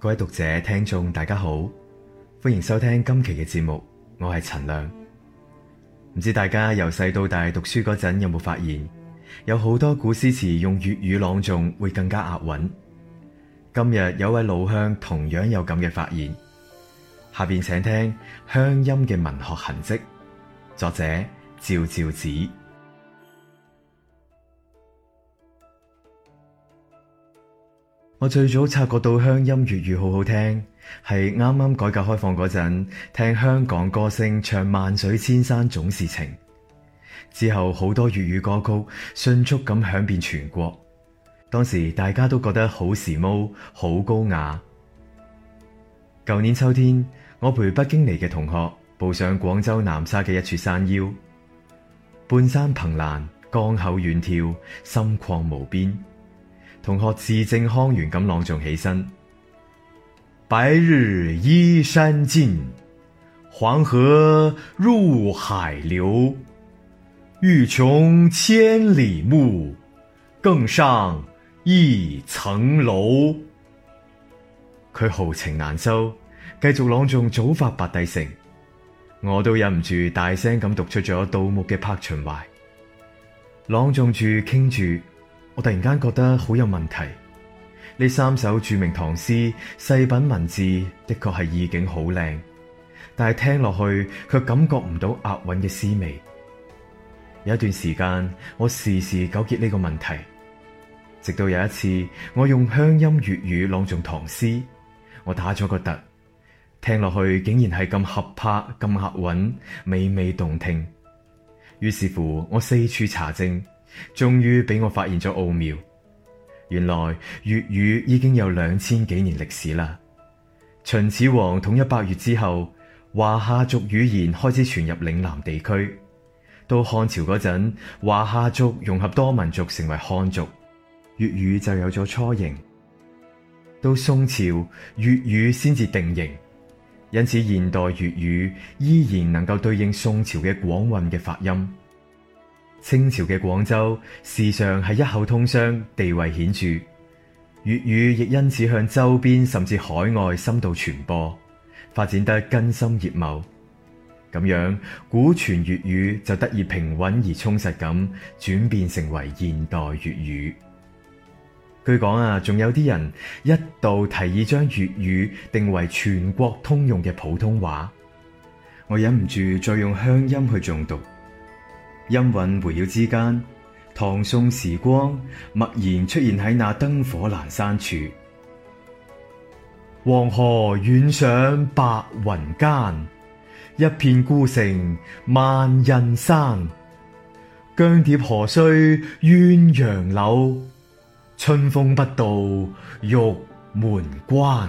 各位讀者、聽眾，大家好，歡迎收聽今期嘅節目，我係陳亮。唔知大家由細到大讀書嗰陣有冇發現，有好多古詩詞用粵語朗誦會更加押韻。今日有位老鄉同樣有咁嘅發現，下邊請聽鄉音嘅文學痕跡，作者趙趙子。我最早察覺到鄉音粵語好好聽，係啱啱改革開放嗰陣，聽香港歌星唱《萬水千山總是情》，之後好多粵語歌曲迅速咁響遍全國。當時大家都覺得好時髦，好高雅。舊年秋天，我陪北京嚟嘅同學步上廣州南沙嘅一處山腰，半山憑欄，江口遠眺，心曠無邊。同學字正腔圓咁朗誦起身，白日依山盡，黃河入海流，欲窮千里目，更上一層樓。佢豪情難收，繼續朗誦《早發白帝城》，我都忍唔住大聲咁讀出咗杜牧嘅泊秦淮，朗誦住傾住。我突然間覺得好有問題，呢三首著名唐詩細品文字的確係意境好靚，但係聽落去卻感覺唔到押韻嘅詩味。有一段時間，我時時糾結呢個問題，直到有一次我用鄉音粵語朗誦唐詩，我打咗個突，聽落去竟然係咁合拍、咁押韻、娓娓動聽。於是乎，我四處查證。終於俾我發現咗奧妙，原來粵語已經有兩千幾年歷史啦。秦始皇統一百越之後，華夏族語言開始傳入嶺南地區。到漢朝嗰陣，華夏族融合多民族，成為漢族，粵語就有咗雛形。到宋朝，粵語先至定型，因此現代粵語依然能夠對應宋朝嘅廣韻嘅發音。清朝嘅廣州事上係一口通商，地位顯著，粵語亦因此向周邊甚至海外深度傳播，發展得根深葉茂。咁樣古傳粵語就得以平穩而充實咁轉變成為現代粵語。據講啊，仲有啲人一度提議將粵語定為全國通用嘅普通話。我忍唔住再用鄉音去誦讀。音韻迴繞之間，唐宋時光默然出現喺那燈火闌珊處。黃河遠上白雲間，一片孤城萬仞山。羌笛何須怨楊柳，春風不度玉門關。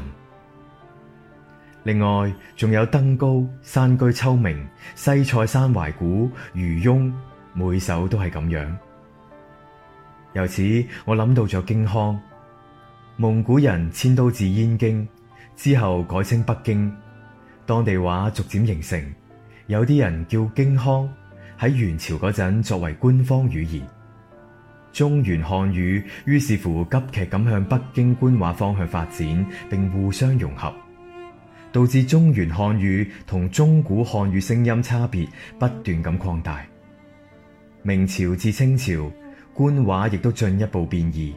另外，仲有登高、山居秋暝、西塞山懷古、漁翁，每首都係咁樣。由此，我諗到咗京腔，蒙古人遷都至燕京之後，改稱北京，當地話逐漸形成，有啲人叫京腔。喺元朝嗰陣，作為官方語言，中原漢語於是乎急劇咁向北京官話方向發展，並互相融合。導致中原漢語同中古漢語聲音差別不斷咁擴大。明朝至清朝官話亦都進一步變異。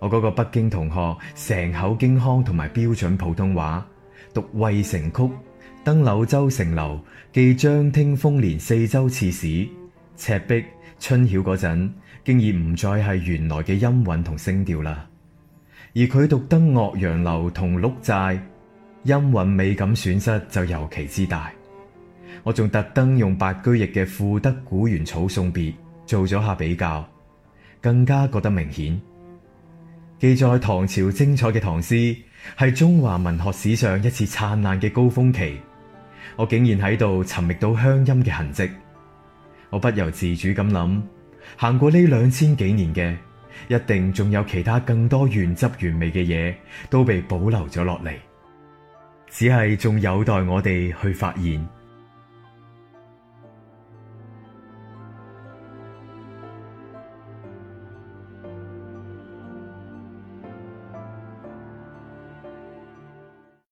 我嗰個北京同學成口京腔同埋標準普通話讀渭城曲、登柳州城樓、寄漳汀封連四州刺史、赤壁、春曉嗰陣，竟然唔再係原來嘅音韻同聲調啦。而佢讀登岳陽樓同鹿寨。音韻美感損失就尤其之大，我仲特登用白居易嘅《賦得古原草送別》做咗下比較，更加覺得明顯。記載唐朝精彩嘅唐詩係中華文學史上一次燦爛嘅高峰期，我竟然喺度尋覓到鄉音嘅痕跡，我不由自主咁諗，行過呢兩千幾年嘅，一定仲有其他更多原汁原味嘅嘢都被保留咗落嚟。只係仲有待我哋去發現。